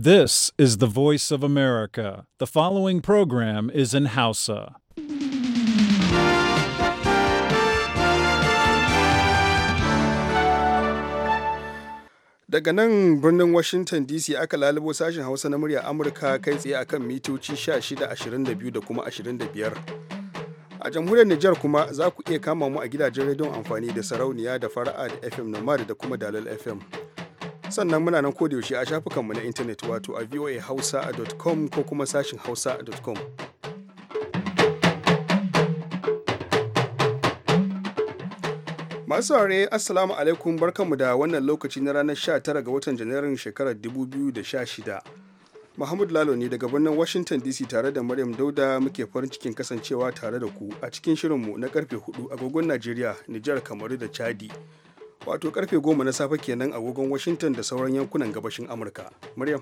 This is the voice of America. The following program is in Hausa. Daga nan birnin Washington DC aka lalubo sashen Hausa na murya Amurka kai tsaye akan mitoci 16, da kuma 25. a jamhuriyar Nijar kuma za ku iya kama mu a gidajen rediyon amfani da sarauniya da fara'a da FM Nomad da kuma Dalal FM. sannan muna nan yaushe a shafukanmu na intanet wato a voahausa.com ko kuma sashin hausa.com masu saurare assalamu alaikum barkanmu da wannan lokaci na ranar 19 ga watan janairun shekarar 2016 Muhammadu Lalo ne daga birnin Washington DC tare da Maryam Dauda muke farin cikin kasancewa tare da ku a cikin shirinmu na karfe 4 agogon Najeriya, Nijar, Kamaru da Chadi. wato karfe goma na safe kenan agogon washington da sauran yankunan gabashin amurka maryam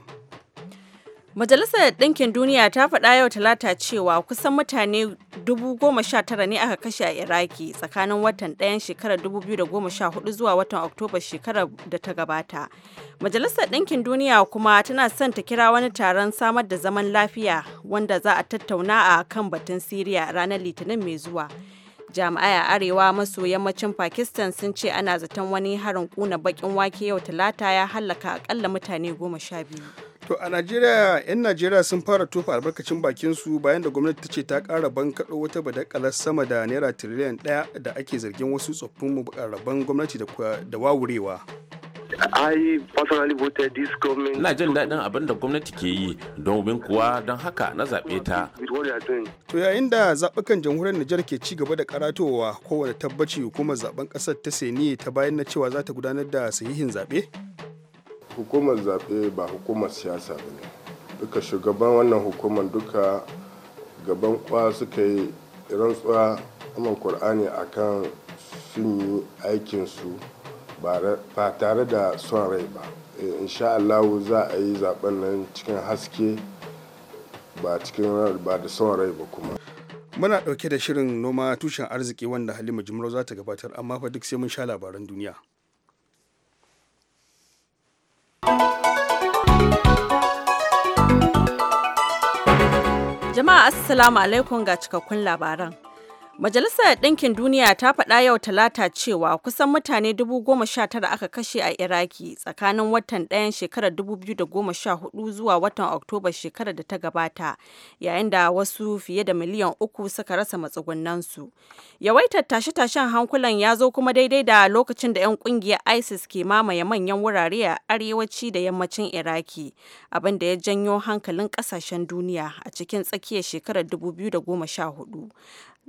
Majalisar Ɗinkin Duniya ta faɗa yau Talata cewa kusan mutane 19,000 ne aka kashe a Iraki tsakanin watan ɗayan shekarar 2014 zuwa watan Oktoba shekarar da ta gabata. Majalisar Ɗinkin Duniya kuma tana son ta kira wani taron samar da zaman lafiya wanda za a tattauna a kan batun Siriya ranar Litinin mai zuwa. jami'ai a arewa maso yammacin pakistan sun ce ana zaton wani harin kuna bakin wake yau talata ya hallaka akalla mutane goma sha biyu to a najeriya 'yan najeriya sun fara tofa albarkacin bakin su bayan da gwamnati ta ce ta kara bankaɗo wata badakalar sama da naira tiriliyan ɗaya da ake zargin wasu tsoffin mukarraban gwamnati da wawurewa I personally voted this government. Na jin daɗin abin da gwamnati ke yi domin kuwa don haka na zaɓe ta. To yayin da zaɓukan jamhuriyar Nijar ke ci gaba da karatowa kowane tabbaci hukumar zaben ƙasar ta Seni ta bayan na cewa za ta gudanar da sahihin zaɓe? Hukumar zaɓe ba hukumar siyasa ba ne. Duka shugaban wannan hukumar duka gaban kwa suka yi rantsuwa amma Kur'ani akan sun yi su. ba tare da son rai ba eh, insha allahu za a yi zaben nan cikin haske ba cikin ba da son rai ba kuma muna ɗauke da shirin noma tushen arziki wanda halima jimro za ta gabatar amma fa duk sai mun sha labaran duniya jama'a assalamu alaikum ga cikakkun labaran Majalisar Ɗinkin Duniya ta faɗa yau Talata cewa kusan mutane 19,000 aka kashe a Iraki tsakanin watan ɗayan shekarar 2014 zuwa watan Oktoba shekarar da ta gabata, yayin da wasu fiye da miliyan uku suka rasa matsugunansu. Yawaitar tashe-tashen hankulan ya zo kuma daidai da lokacin da 'yan ƙungiyar ISIS ke mamaye manyan wurare a arewaci da yammacin Iraki, abin da ya janyo hankalin ƙasashen duniya a cikin tsakiyar shekarar 2014.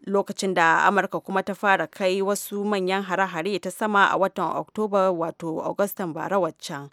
lokacin da amurka kuma ta fara kai wasu manyan hare-hare ta sama a watan oktoba wato agustan bara waccan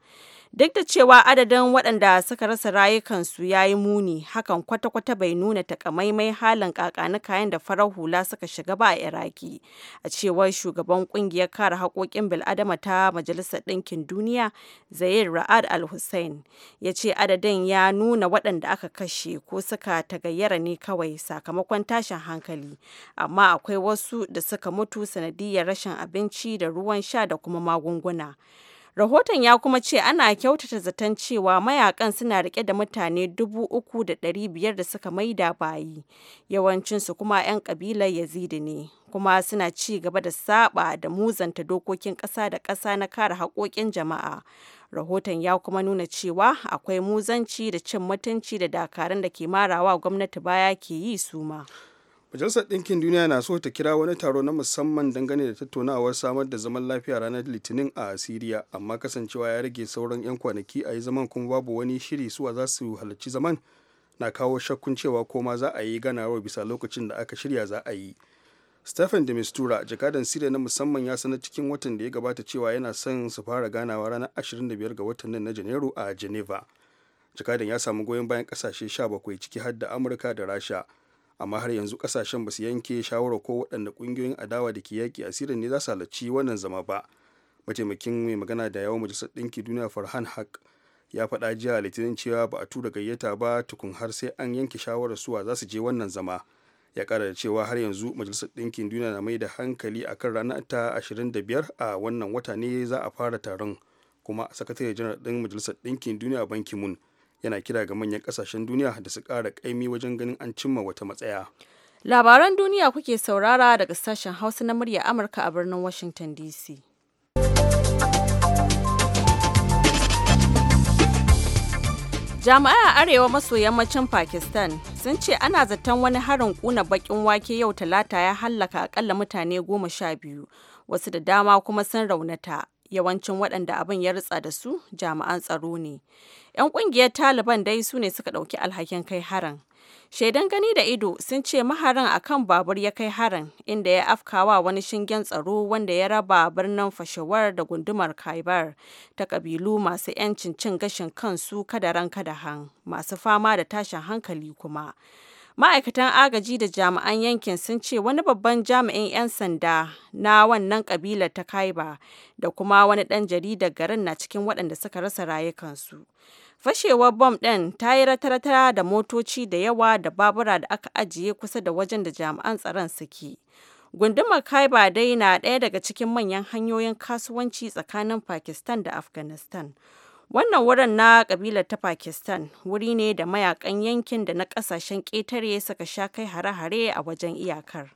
Duk da cewa adadin waɗanda suka rasa rayukansu ya yi muni, hakan kwata-kwata bai nuna takamaimai halin kakani kayan da farar hula suka shiga ba a Iraki, a cewar shugaban kungiyar kare haƙoƙin bil'adama ta Majalisar Ɗinkin Duniya, Zayed Ra'ad Al-Hussein, ya ce adadin ya nuna waɗanda aka kashe ko suka tagayyara ne kawai sakamakon tashin hankali, amma akwai wasu da suka mutu sanadiyar rashin abinci da ruwan sha da kuma magunguna. Rahoton ya kuma ce ana kyautata zaton cewa mayakan suna rike da mutane 3,500 da suka maida bayi, yawancinsu kuma 'yan kabilar Yazidi ne, kuma suna ci gaba da saba da muzanta dokokin ƙasa da ƙasa na kare haƙoƙin jama'a. Rahoton ya kuma nuna cewa akwai muzanci da cin mutunci da dakarun da ke marawa gwamnati baya ke yi suma. majalisar ɗinkin duniya na so ta kira wani taro na musamman dangane da tattaunawar samar da zaman lafiya ranar litinin a siriya amma kasancewa ya rage sauran 'yan kwanaki a yi zaman kuma babu wani shiri suwa za su halarci zaman na kawo shakkun cewa ko ma za a yi ganawar bisa lokacin da aka shirya za a yi stephen de mistura jakadan siriya na musamman ya sanar cikin watan da ya gabata cewa yana son su fara ganawa ranar 25 ga watan nan na janairu a geneva jakadan ya samu goyon bayan kasashe 17 ciki har da amurka da rasha amma har yanzu kasashen ba su yanke shawarar ko waɗanda ƙungiyoyin adawa da ke yaƙi asirin ne za su halarci wannan zama ba mataimakin mai magana da yawon majalisar ɗinki duniya farhan haq ya faɗa jiya a litinin cewa ba a tura gayyata ba tukun har sai an yanke shawarar suwa za su je wannan zama ya ƙara da cewa har yanzu majalisar ɗinkin duniya na mai da hankali a kan ranar ta 25 a wannan wata ne za a fara taron kuma sakatare janar ɗin majalisar ɗinkin duniya banki mun yana kira ga manyan kasashen duniya da su ƙara ƙaimi wajen ganin an cimma wata matsaya. Labaran duniya kuke saurara daga sashen Hausa na murya Amurka a birnin Washington DC. Jami'ai a arewa maso yammacin Pakistan sun ce ana zaton wani harin kuna bakin wake yau talata ya hallaka akalla mutane goma sha biyu, wasu da dama kuma sun raunata. yawancin waɗanda abin ya ritsa da su jami'an tsaro ne. 'Yan ƙungiyar Taliban dai su ne suka ɗauki alhakin kai harin. Shaidan gani da ido sun ce maharin a kan babur ya kai harin inda ya afkawa wani shingen tsaro wanda ya raba birnin fashewar da gundumar Kaibar ta kabilu masu 'yancin cin gashin kansu kada ranka da han masu fama da tashin hankali kuma. Ma'aikatan agaji da jami'an yankin sun ce wani babban jami'in 'yan sanda na wannan kabilar ta Kaiba da kuma wani dan jaridar garin na cikin waɗanda suka rasa rayukansu. Fashewar bom ɗin ta yi rataratara da motoci da yawa da babura da aka ajiye kusa da wajen da jami'an tsaron suke. Gundumar Kaiba dai na ɗaya daga cikin manyan hanyoyin kasuwanci tsakanin Pakistan da Afghanistan. Wannan wurin na kabilar ta Pakistan wuri ne da mayakan yankin da na kasashen ƙetare suka sha kai hare-hare a wajen iyakar.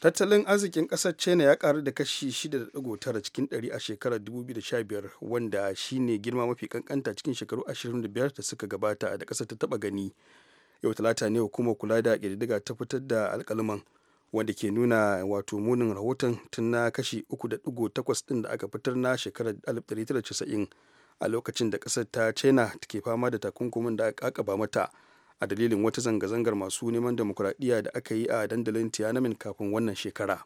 Tattalin arzikin ƙasar China ya karu da kashi 6.9 cikin 100 a shekarar 2015 wanda shine girma mafi kankanta cikin shekaru 25 da suka gabata da ƙasar ta taba gani. Yau talata ne hukumar kula da ƙididdiga ta fitar da alƙalman wanda ke nuna wato munin rahoton tun na kashi 3.8 ɗin da aka fitar na shekarar 1990 a lokacin da ƙasar ta china ke fama da takunkumin da aka ba mata a dalilin wata zanga-zangar masu neman demokuraɗiyya da aka yi a dandalin tiananmen kafin wannan shekara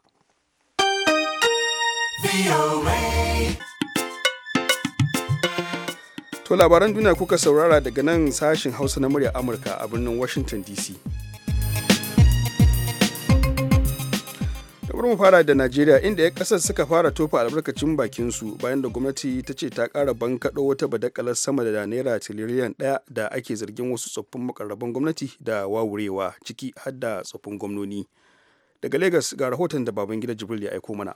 to labaran duniya kuka saurara daga nan sashen hausa na murya amurka a birnin washington dc kabar mu fara da najeriya inda 'yan kasar suka fara tofa albarkacin bakin su bayan da gwamnati ta ce ta kara bankaɗo wata badakalar sama da naira tiriliyan ɗaya da ake zargin wasu tsoffin makarraban gwamnati da wawurewa ciki har da tsoffin gwamnoni daga lagos ga rahoton da baban gida jibril ya aiko mana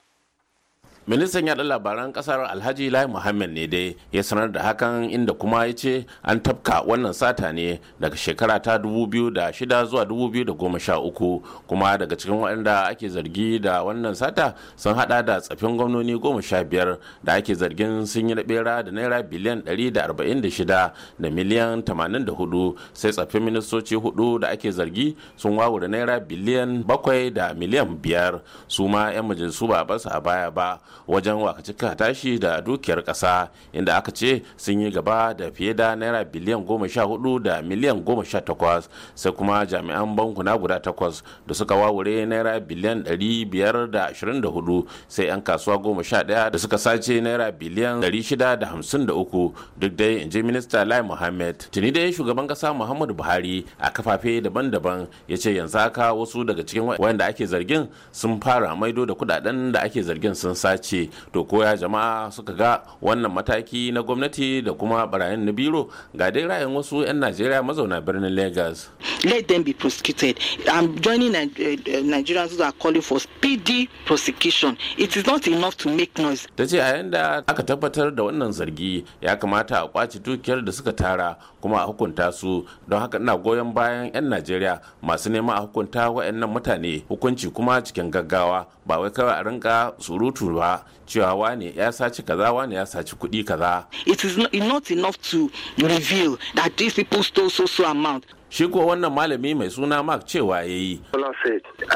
ministan yada labaran kasar alhaji lai muhammad ne dai ya sanar da hakan inda kuma ya ce an tafka wannan sata ne daga shekara ta 2006 zuwa 2013 kuma daga cikin waɗanda ake zargi da wannan sata sun hada da tsafin gwamnoni 15 da ake zargin sun yi bera da naira biliyan 146 da miliyan 84 sai tsafin ministoci hudu da ake zargi sun wawure naira biliyan 7 da miliyan 5 su ma 'yan majalisu ba a baya ba wajen wakacika tashi da dukiyar ƙasa inda aka ce sun yi gaba da fiye da naira biliyan goma sha hudu da miliyan goma sha takwas sai kuma jami'an bankuna guda takwas da suka wawure naira biliyan dari biyar da ashirin da hudu sai 'yan kasuwa goma sha ɗaya da suka sace naira biliyan dari shida da hamsin da uku duk dai in ji minista lai muhammed tuni dai shugaban ƙasa muhammadu buhari a kafafe daban-daban ya ce yanzu haka wasu daga cikin wayanda ake zargin sun fara maido da kudaden da ake zargin sun sace ce to koya jama'a suka ga wannan mataki na gwamnati da kuma barayin na biro ga dai rayan wasu 'yan najeriya mazauna birnin lagos let them be prosecuted i'm joining eh, nigerians who are calling for speedy prosecution it is not enough to make noise ta ce a yanda aka tabbatar da wannan zargi ya kamata a kwace dukiyar da suka tara kuma a hukunta su don haka ina goyon bayan 'yan najeriya masu neman a hukunta wa'annan mutane hukunci kuma cikin gaggawa ba wai kawai a rinka surutu ba cewa wane ya saci kaza wane ya saci kuɗi kaza it is not enough to reveal that these people stole so so amount shi ko wannan malami mai suna mark cewa ya yi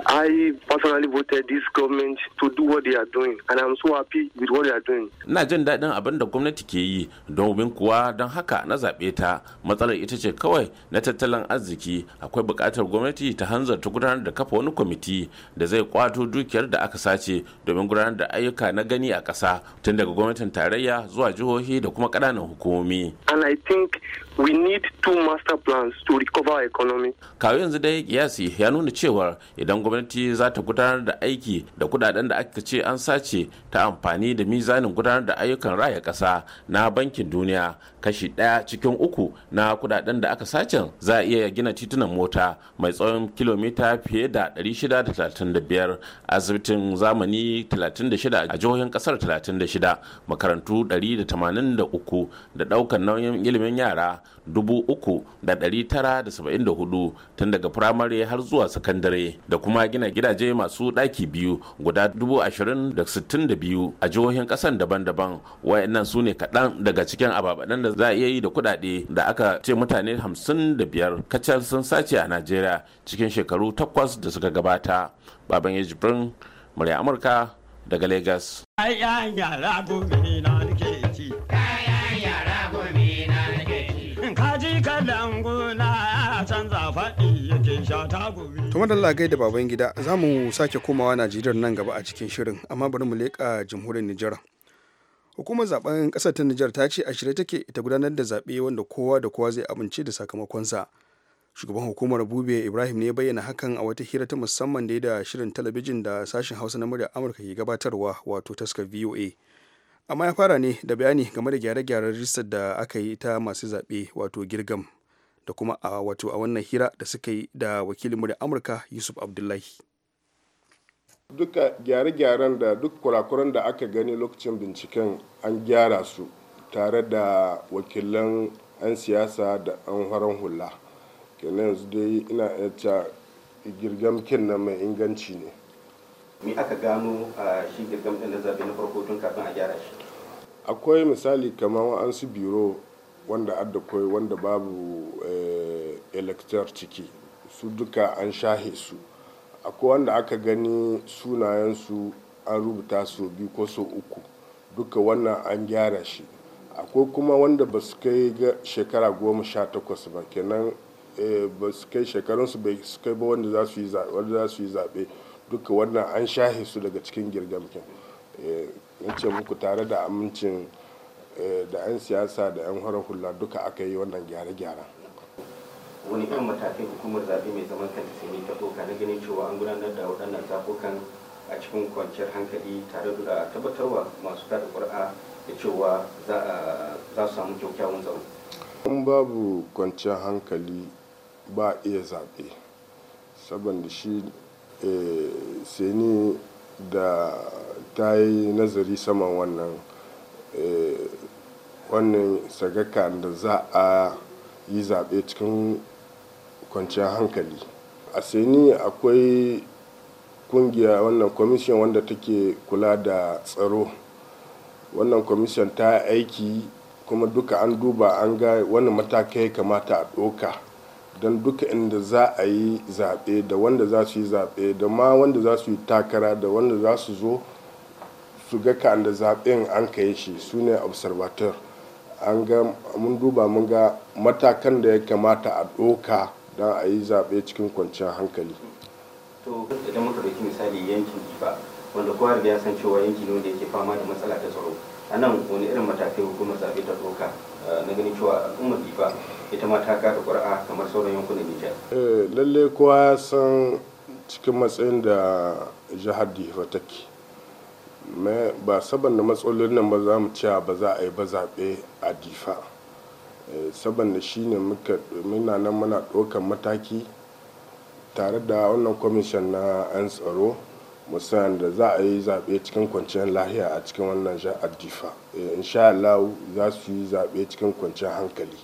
i personally voted this government to do what they are doing and i'm so happy with what they are doing na jin daɗin abin da gwamnati ke yi domin kuwa don haka na zaɓe ta matsalar ita ce kawai na tattalin arziki akwai buƙatar gwamnati ta hanzar ta gudanar da kafa wani kwamiti da zai kwato dukiyar da aka sace domin gudanar da ayyuka na gani gani a ƙasa tun daga gwamnatin tarayya zuwa jihohi da kuma ƙananan hukumomi. And I think we need two master plans to recover economy. Kawo yanzu dai kiyasi ya nuna cewa idan gwamnati za ta gudanar da aiki da kudaden da aka ce an sace ta amfani da mizanin gudanar da ayyukan raya kasa na bankin duniya kashi daya cikin uku na kudaden da aka sace za a iya gina titunan mota mai tsawon kilomita fiye da 635 asibitin zamani 36 a jihohin kasar 36 makarantu 183 da daukan nauyin ilimin yara 3,974 tun daga firamare har zuwa sakandare da kuma gina gidaje masu ɗaki biyu guda 20,062 a jihohin ƙasan daban-daban wayannan su ne kaɗan daga cikin ababen da za a iya yi da kuɗaɗe da aka ce mutane 55 kacal sun sace a najeriya cikin shekaru takwas da suka gabata baban ya murya amurka daga lagos Tuma da lagai da baban gida za mu sake komawa Najeriya nan gaba a cikin shirin amma bari mu leƙa jamhuriyar Nijar. Hukumar zaben ƙasar ta Nijar ta ce a shirye take ta gudanar da zaɓe wanda kowa da kowa zai amince da sakamakonsa. Shugaban hukumar Bube Ibrahim ne bayyana hakan a wata hira ta musamman da ya da shirin talabijin da sashen Hausa na murya Amurka ke gabatarwa wato taskar VOA. Amma ya fara ne da bayani game da gyare-gyaren rijistar da aka yi ta masu zaɓe wato girgam da kuma a wato a wannan hira da suka yi da wakilin da amurka yusuf abdullahi duka gyare-gyaren da duk kurakuran da aka gani lokacin binciken an gyara su tare da wakilan 'yan siyasa da 'yan farar hula kenan yanzu dai ina yacca girgamkin na mai inganci ne me aka gano a shi girgamkin na zaɓe na farko tun kafin a gyara shi akwai misali kamar wa'ansu biro wanda adda koi wanda babu eh, elector ciki su duka an shahe su akwai wanda aka gani sunayensu an rubuta su biyu ko so uku duka wannan an gyara shi akwai kuma wanda ba su kai shekara goma sha takwas ba kenan eh, ba su kai shekarunsu bai su kai ba wanda za su yi zaɓe duka wannan an shahe su daga cikin girgamkin in eh, ce muku tare da amincin Eh, da 'yan siyasa da 'yan horar hula duka aka yi wannan gyare-gyaren wani yan matakin hukumar zaɓe mai zaman kanta sai ta doka na ganin cewa an gudanar da waɗannan zaɓukan a cikin kwanciyar hankali tare da tabbatarwa masu tada ƙuri'a da cewa za su samu kyakkyawan tsaro in babu kwanciyar hankali ba iya zaɓe saboda shi eh, sai da ta yi nazari saman wannan eh, wannan sagaka da za a yi zaɓe cikin kwanciyar hankali a seni akwai kungiya wannan kwamishin wanda take kula da tsaro wannan kwamishin ta aiki kuma duka an duba an ga wani matakai kamata a ɗoka don duka inda za a yi zaɓe da wanda za su yi zaɓe da ma wanda za su yi takara da wanda za su zo su ga ka da zaɓen an kai shi su ne observator an ga mun duba mun ga matakan da ya kamata a doka don a yi zaɓe cikin kwanciyar hankali to idan muka ɗauki misali yankin jifa wanda kowa da ya san cewa yanki ne wanda yake fama da matsala ta tsaro a nan wani irin matakai hukumar zaɓe ta doka eh, na ganin cewa al'ummar jifa ita ma ta kada ƙuri'a kamar sauran yankunan nijar eh, lallai kowa ya san cikin matsayin da jihar jifa take ba saboda matsalolin nan ba za mu cewa ba za a yi ba zaɓe a difa eh, saboda shi ne muna nan muna ɗaukan mataki tare da wannan kwamishin na 'yan tsaro musamman da za a yi zaɓe cikin kwanciyar lahiya a cikin wannan jihar difa eh, insha Allah za su yi zaɓe cikin kwanciyar hankali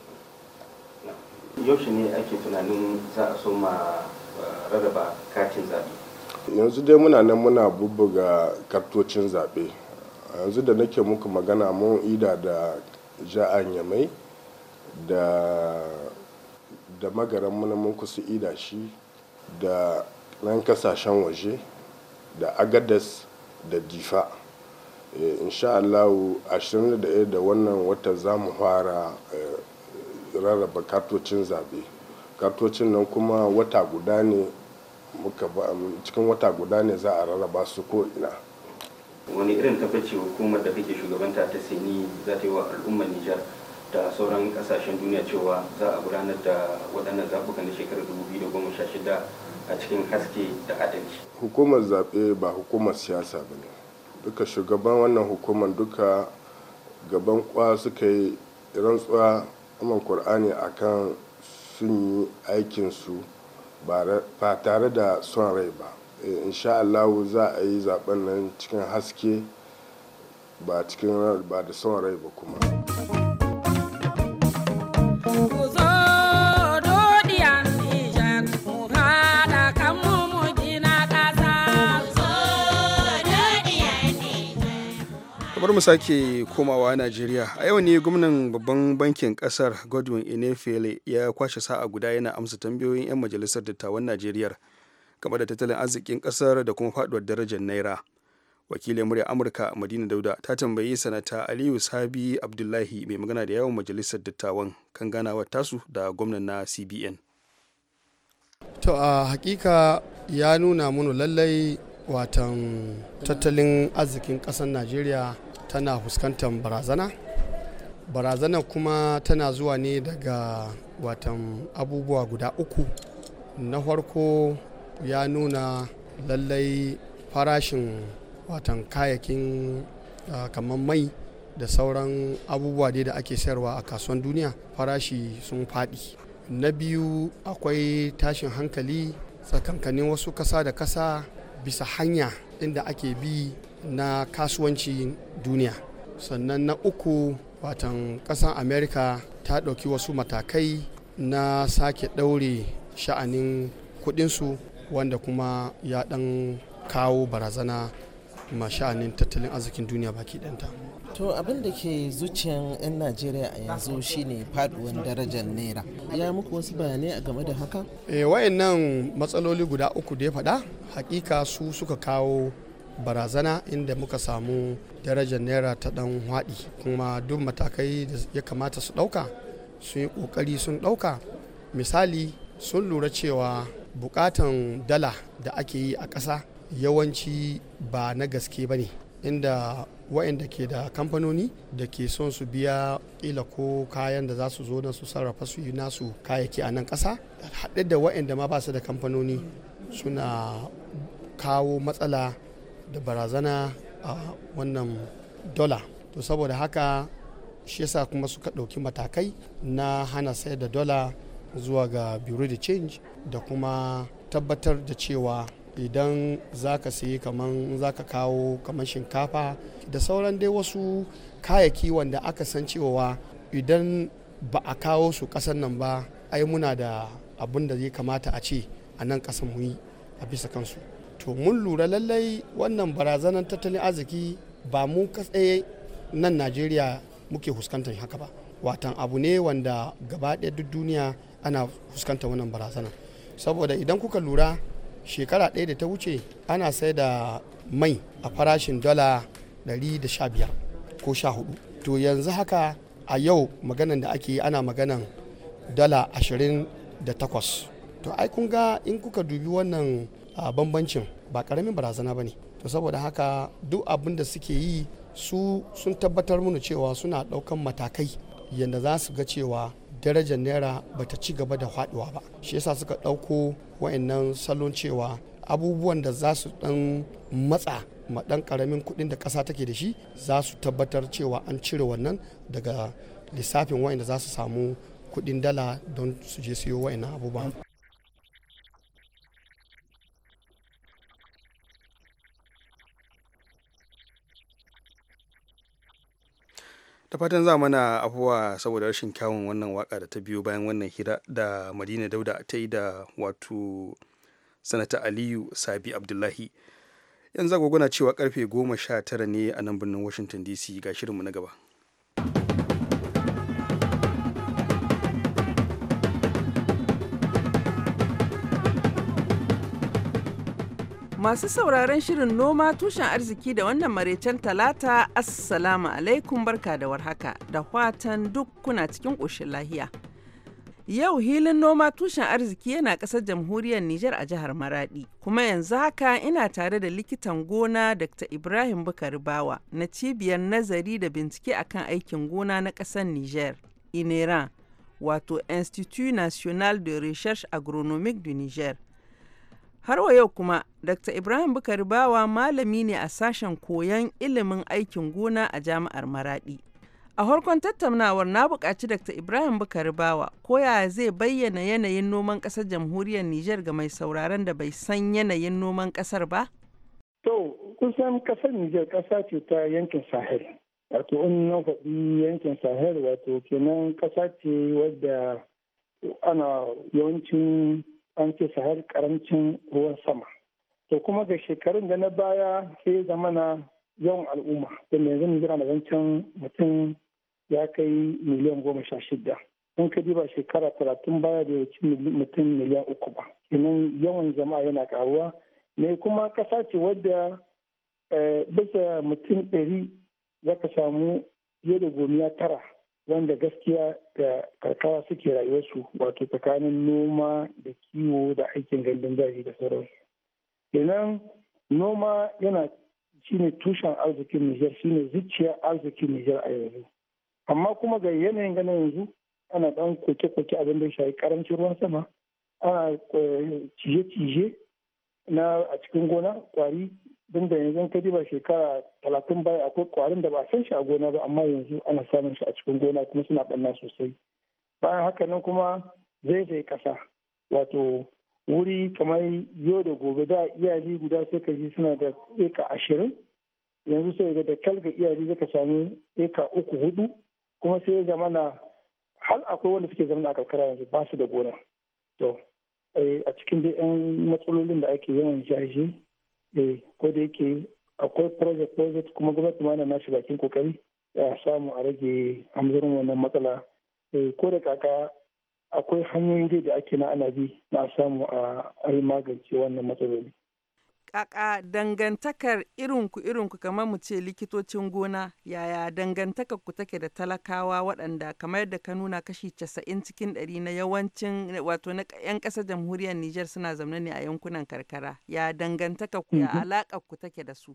yaushe ne ake tunanin za a so ma eh, rarraba katin zaɓe yanzu dai muna nan muna bubbuga kartocin zaɓe yanzu da nake muku magana mun ida da ja'an yamai da da magaran muna mun kusa ida shi da nan kasashen waje da agadas da difa eh, insha allahu 21 da wannan wata za mu fara eh, rarraba kartocin zaɓe kartocin nan kuma wata guda ne muka ba um, cikin wata guda ne za a rarraba su ko ina wani irin tabbaci hukumar da kake shugabanta ta sini za ta yi wa al'ummar nijar da sauran kasashen duniya cewa za a gudanar da waɗannan zaɓuka na shekarar 2016 a cikin haske da adalci hukumar zaɓe ba hukumar siyasa ba ne duka shugaban wannan hukumar duka gaban kwa suka yi rantsuwa amma kur'ani akan sun yi aikinsu ba tare da son rai ba eh, insha Allah za a yi zaben nan cikin haske ba cikin ba da son rai ba kuma bari mu sake komawa najeriya a yau ne gwamnan babban bankin kasar godwin Enefele ya kwashe sa'a guda yana amsa tambayoyin 'yan majalisar dattawan najeriya game da tattalin arzikin kasar da kuma faduwar darajar naira wakilin murya amurka madina dauda ta tambayi sanata aliyu sabi abdullahi mai magana da yawan majalisar dattawan kan ganawar tasu da gwamnan na cbn to a hakika ya nuna mun lallai watan tattalin arzikin kasar najeriya tana fuskantar barazana barazana kuma tana zuwa ne daga watan abubuwa guda uku na farko ya nuna lallai farashin watan kayakin kamar mai da sauran abubuwa dai da ake sayarwa a kasuwan duniya farashi sun faɗi na biyu akwai tashin hankali tsakankanin wasu kasa da kasa bisa hanya inda ake bi na kasuwanci duniya sannan na uku watan ƙasar Amerika ta ɗauki wasu matakai na sake ɗaure sha'anin kuɗinsu wanda kuma ya ɗan kawo barazana ma sha'anin tattalin arzikin duniya baki ɗanta. to abin da ke zuciyan 'yan najeriya a yanzu shine faduwan darajar naira ya muku wasu bayanai a game da haka e, eh, wayannan matsaloli guda uku da ya faɗa hakika su suka kawo barazana inda muka samu darajar naira ta dan haɗi kuma duk matakai da ya kamata su ɗauka sun yi ƙoƙari sun ɗauka misali sun lura cewa buƙatan dala da ake yi a ƙasa yawanci ba na gaske ba ne inda waɗanda ke da kamfanoni da ke son su biya ƙila ko kayan da za su zo na su sarrafa su yi nasu kayaki a nan ƙasa haɗe da waɗanda ma ba su da kamfanoni suna kawo matsala da barazana a wannan dola to saboda haka shi yasa kuma suka ɗauki matakai na hana sayar da dola zuwa ga bureau de change da kuma tabbatar da cewa idan za ka sayi kamar za ka kawo kamar shinkafa da sauran dai wasu kayaki wanda aka san cewa idan ba a kawo su kasan nan ba ai muna da abin da zai kamata a ce a nan kasan muyi a bisa kansu to mun lura lallai wannan barazanar tattalin arziki ba mu katsaye nan najeriya muke fuskantar haka ba watan abu ne wanda gaba ɗaya duk duniya ana fuskantar wannan barazanar saboda idan kuka lura shekara ɗaya da ta wuce ana sai da mai a farashin dala 115 ko 14 to yanzu haka a yau maganan da ake ana maganan dala 28 to ai kun ga in kuka dubi wannan bambancin ba karamin barazana ba ne to saboda haka duk abin da suke yi su sun tabbatar mana cewa suna ɗaukan matakai yadda za su ga cewa darajar naira bata ci gaba da haɗuwa ba shi yasa suka ɗauko wa'annan salon cewa abubuwan da za su ɗan matsa ma ɗan ƙaramin kuɗin da ƙasa take da shi za su tabbatar cewa an cire wannan daga lissafin wa'anda za su samu kuɗin dala don su je siyo wa'annan abubuwan da fatan za mana abuwa saboda rashin kyawun wannan waka da ta biyo bayan wannan hira da madina dauda ta yi da wato sanata aliyu sabi abdullahi yanzu agwagwana cewa karfe 19 ne a nan birnin washington dc ga shirinmu na gaba Masu sauraron shirin noma tushen arziki da wannan maraicen talata assalamu alaikum barka da warhaka da fatan duk kuna cikin ƙoshin lahiya. Yau hilin noma tushen arziki yana ƙasar jamhuriyar Niger a jihar Maradi, kuma yanzu haka ina tare da likitan gona Dr. Ibrahim Bukari Bawa na cibiyar nazari da bincike akan aikin gona na ƙasar Niger Ineran, e wato Institut National de Recherche Agronomique du Niger. Har wa yau kuma, Dr. Ibrahim Bukari Bawa malami ne a sashen koyon ilimin aikin gona a Jami'ar Maradi. A harkon tattaunawar na buƙaci Dr. Ibrahim Bukari Bawa koya zai bayyana yanayin noman ƙasar jamhuriyar Nijar ga mai sauraron da bai san yanayin noman ƙasar ba? To, kusan ƙasar Nijar ƙasa ce ta yankin Sahel. Wato, in na faɗi yankin Sahel wato kenan ƙasa ce wadda ana yawancin an ce sahar karancin ruwan sama to kuma ga shekarun da na baya sai zamana yawan al'umma da mai zan jira na zancen mutum ya kai miliyan goma sha shida in ka diba shekara talatin baya da ya ci mutum miliyan uku ba kenan yawan jama'a yana karuwa ne kuma kasa ce wadda eh, bisa mutum ɗari ka samu fiye da gomiya tara wanda gaskiya da karkawa suke rayuwarsu wato tsakanin noma da kiwo da aikin gandun daji da sauransu kenan noma yana shine tushen arzikin nijar shine zuciyar arzikin nijar a yanzu amma kuma ga yanayin gana yanzu ana ɗan koke-koke abin da shayi karancin ruwan sama ana eh, cije-cije na a cikin gona kwari dun da yanzu ka diba shekara talatin baya akwai kwarin da ba a san shi a gona ba amma yanzu ana samun shi a cikin gona kuma suna ɓanna sosai bayan haka nan kuma zai kasa wato wuri kamar yau da gobe da iyali guda sai ka ji suna da eka ashirin yanzu sai ga da kalga iyali ka sami eka uku hudu kuma sai zamana har akwai wanda suke zama a karkara yanzu ba su da gona to eh, a cikin dai 'yan matsalolin da ake yawan jaje eh ko da yake akwai project project kuma gwamnati ma na nashi bakin kokari a samu a rage amzarin wannan matsala eh, ko da kaka akwai hanyoyi da ake na ana bi na samu a magance wannan matsaloli kaka dangantakar irinku irinku kamar mu ce likitocin gona yaya dangantakar ku take da talakawa waɗanda kamar yadda ka nuna kashi casa'in cikin ɗari na yawancin wato na 'yan ƙasar jamhuriyar Nijar suna zaune ne a yankunan karkara ya dangantakar ku ya mhm. alaƙar ku take da su.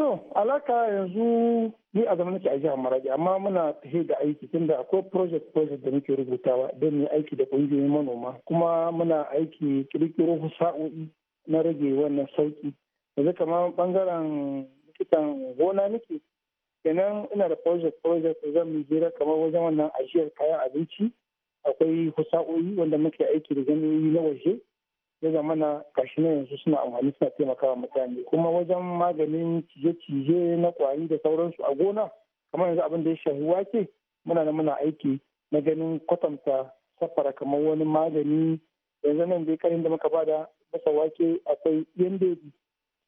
To, alaka yanzu ni a zamanin a jihar Maradi amma muna tafi da aiki tunda akwai project project da muke rubutawa don mu aiki da kungiyoyin manoma kuma muna aiki kirkiro sa'o'i na rage wannan sauki yanzu kamar bangaren likitan gona nake kenan ina da project project zan mu jira kamar wajen wannan ajiyar kayan abinci akwai husa'o'i wanda muke aiki da jami'o'i na waje ya zama na kashi na yanzu suna amfani suna taimakawa mutane kuma wajen maganin cije-cije na kwari da sauransu a gona kamar yanzu abin da ya shafi wake muna da muna aiki na ganin kwatanta safara kamar wani magani yanzu nan dai karin da muka bada masa wake akwai yan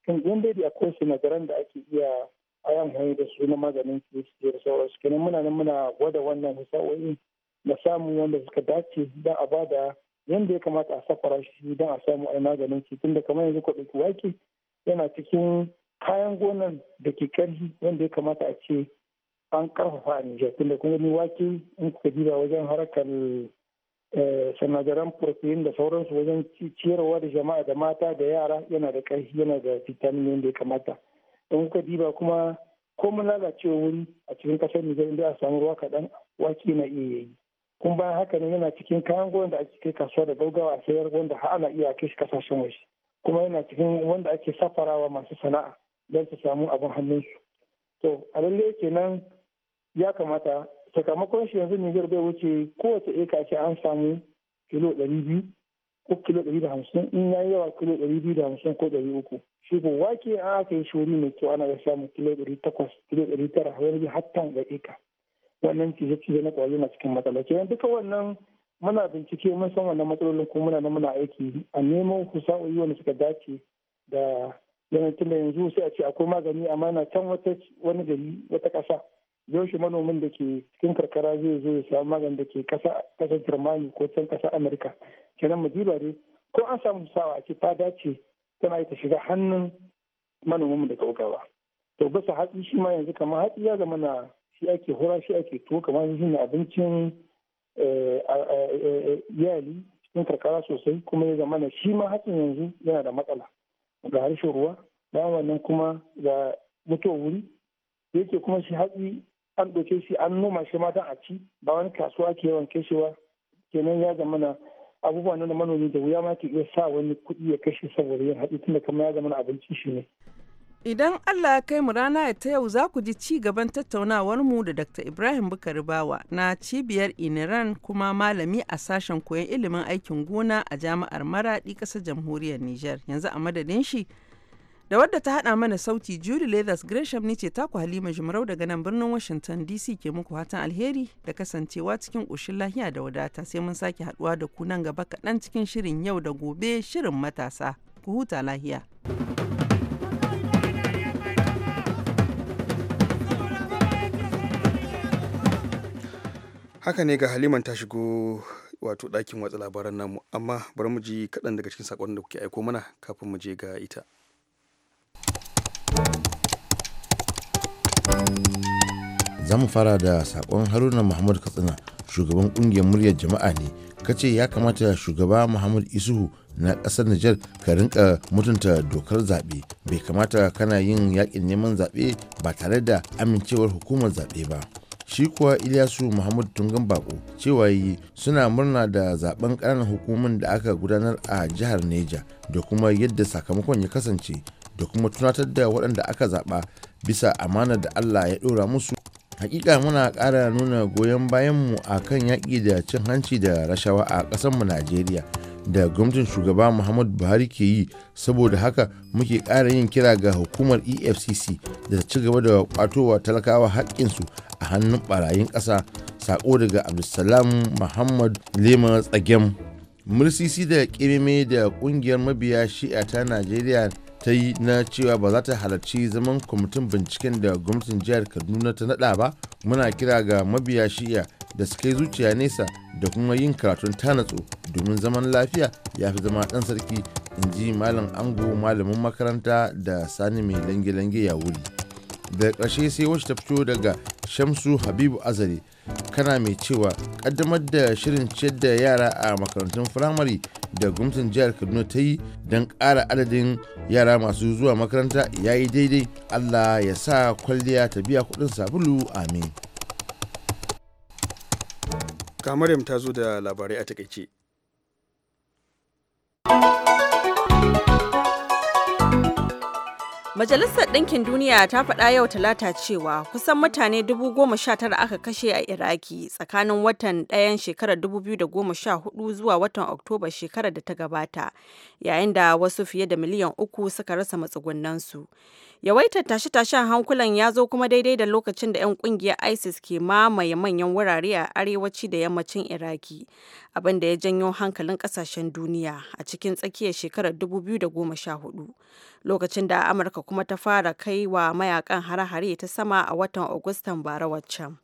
kan a akwai sinadaran da ake iya ayan yi da su na maganin ciye da sauransu kenan muna nan muna gwada wannan hisa'o'i na samu wanda suka dace don a bada yanda ya kamata a safara shi don a samu a maganin su tunda kamar yanzu kwaɗauki wake yana cikin kayan gonan da ke ƙarfi wanda ya kamata a ce an karfafa a Nijar tunda kuma ni wake in kuka diba wajen harkar Eh, sinadaran protein da sauransu wajen ciyarwa da jama'a da mata da yara yana da ƙarfi yana da vitamin da ya kamata in kuka diba kuma ko mun lalacewa wuri a cikin ƙasar nijar inda a samu ruwa kaɗan wake na iya yi kuma bayan haka ne yana cikin kayan goyon da ake kai kasuwa da gaugawa a sayar wanda har ana iya kai shi kasashen waje kuma yana cikin wanda ake safarawa masu sana'a don su samu abin hannunsu to a lallai kenan ya kamata sakamakon shi yanzu Niger bai wuce kowace eka ce an samu kilo ɗari biyu ko kilo ɗari da hamsin in ya yi yawa kilo ɗari biyu da hamsin ko ɗari uku shi ko wake an aka yi shuri mai kyau ana samun kilo ɗari takwas kilo ɗari tara wani bi hattan ga eka wannan ya cije na ƙwari na cikin matsala yanzu duka wannan muna bincike mun san wannan matsalolin kuma muna muna aiki a neman kusa'o'i wanda suka dace da yanayin tunda yanzu sai a ce akwai magani amma na can wata wani gari wata ƙasa yaushe manomin da ke cikin karkara zai zo ya samu maganin da ke kasa kasar germany ko can kasa amurka kenan mu diba dai ko an samu sawa ce ta dace tana ita shiga hannun manomin da gaugawa to bisa hatsi shi ma yanzu kamar hatsi ya zama na shi ake hura shi ake tuwo kamar yanzu na abincin eh, iyali cikin karkara sosai kuma ya zama na shi ma hatsin yanzu yana da matsala ga harshen ruwa bayan wannan kuma ga mutuwar wuri yake kuma shi hatsi an ɗauke shi an noma shi matan a ci ba wani kasuwa ke yawan kashewa kenan ya zama na abubuwan na manomi da wuya ma ke iya sa wani kuɗi ya kashe saboda yin haɗi tunda kamar ya zama na abinci shi ne. Idan Allah ya kai mu rana ya ta yau za ku ji ci gaban tattaunawar mu da Dr. Ibrahim Bukari Bawa na cibiyar Iniran kuma malami a sashen koyon ilimin aikin gona a jami'ar maraɗi ƙasar jamhuriyar Nijar. Yanzu a madadin shi da wadda ta hada mana sauti Julie Leathers Gresham ni ce taku Halima Jumrau daga nan birnin Washington DC ke muku hatan alheri da kasancewa cikin ƙoshin lahiya da wadata sai mun sake haduwa da ku nan gaba kaɗan cikin shirin yau da gobe shirin matasa ku huta lahiya. Haka ne ga Haliman ta shigo wato ɗakin watsa labaran namu amma bari mu ji kaɗan daga cikin saƙon da kuke aiko mana kafin mu je ga ita. za mu fara da sakon haruna muhammad katsina shugaban kungiyar muryar jama'a ne kace ya kamata shugaba muhammad isuhu na kasar nijar ka rinka mutunta dokar zaɓe bai kamata kana yin yakin neman zaɓe ba tare da amincewar hukumar zaɓe ba shi kuwa iliyasu muhammad tungan bako cewa yi suna murna da zaben ƙananan hukumar da aka gudanar a jihar neja da kuma yadda sakamakon ya kasance da kuma tunatar da waɗanda aka zaɓa bisa amanar da Allah ya ɗora musu. Hakika muna ƙara nuna goyon bayan mu a kan yaƙi da cin hanci da rashawa a ƙasarmu Najeriya da gwamnatin shugaba Muhammadu Buhari ke yi saboda haka muke ƙara yin kira ga hukumar EFCC da ci gaba da ƙwatowa talakawa haƙƙinsu a hannun ɓarayin ƙasa saƙo daga Abdulsalam Muhammad Lema Tsagem. Mursisi da ƙirme da ƙungiyar mabiya shi'a ta Najeriya ta yi na cewa ba za ta halarci zaman kwamitin binciken da gwamnatin jihar kaduna ta nada ba muna kira ga mabiya shi'a da su kai zuciya nesa da kuma yin karatun tanatsu domin zaman lafiya ya fi zama dan sarki in ji malam ango malamin makaranta da sani mai lange-lange ya wuri. da ƙarshe sai wacce ta fito daga shamsu habibu azari kana mai cewa kaddamar da shirin ciyar da yara a makarantun firamare da gwamnatin jihar kaduna ta yi don ƙara adadin yara masu zuwa makaranta ya yi daidai allah ya sa kwalliya ta biya kuɗin sabulu amin kamar ta zo da labarai a takaice Majalisar Ɗinkin Duniya ta faɗa yau Talata cewa kusan mutane 19,000 aka kashe a Iraki tsakanin watan ɗayan shekarar 2014 zuwa watan Oktoba shekarar da ta gabata, yayin da wasu fiye da miliyan uku suka rasa matsugunansu. Yawaitar tashe-tashen hankulan ya zo kuma daidai da lokacin da 'yan ƙungiyar ISIS ke mamaye manyan wurare a arewaci da yammacin Iraki, abin da ya janyo hankalin kasashen duniya a cikin tsakiyar shekarar 2014 lokacin da amurka kuma ta fara kai wa mayakan hare-hare ta sama a watan agustan bara waccan.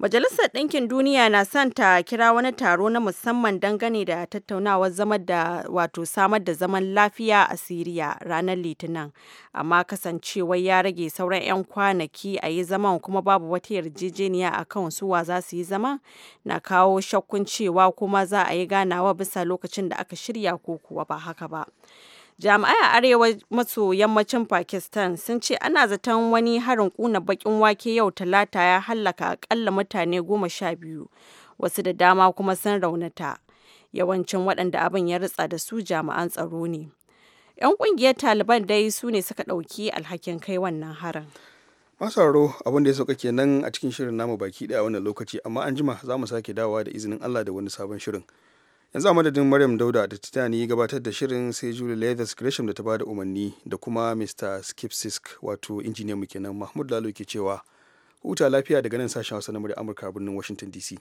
Majalisar Ɗinkin Duniya na son ta kira wani taro na musamman dangane da tattaunawar zama da wato samar da zaman lafiya a Siriya ranar Litinin, amma kasancewar ya rage sauran 'yan kwanaki a yi zaman kuma babu wata yarjejeniya a kan suwa za su yi zaman na kawo shakkun cewa kuma za a yi ganawa bisa lokacin da aka shirya ko kuwa ba haka ba. Jami'ai a arewa maso yammacin Pakistan sun ce ana zaton wani harin kuna bakin wake yau talata ya hallaka akalla mutane goma sha biyu, wasu da dama kuma sun raunata. Yawancin waɗanda abin ya ritsa da su jami'an tsaro ne. 'Yan kungiyar Taliban dai su ne suka ɗauki alhakin kai wannan harin. masaro abin da ya sauka kenan a cikin shirin namu baki daya wannan lokaci amma an jima za mu sake dawowa da izinin allah da wani sabon shirin yanzu a madadin maryam dauda da titani gabatar da shirin sai julie leathers gresham da ta bada umarni da kuma mr skipsisk wato injiniyan mu kenan mahmud lalo ke cewa huta lafiya daga nan sashen hausa na murya amurka birnin washington dc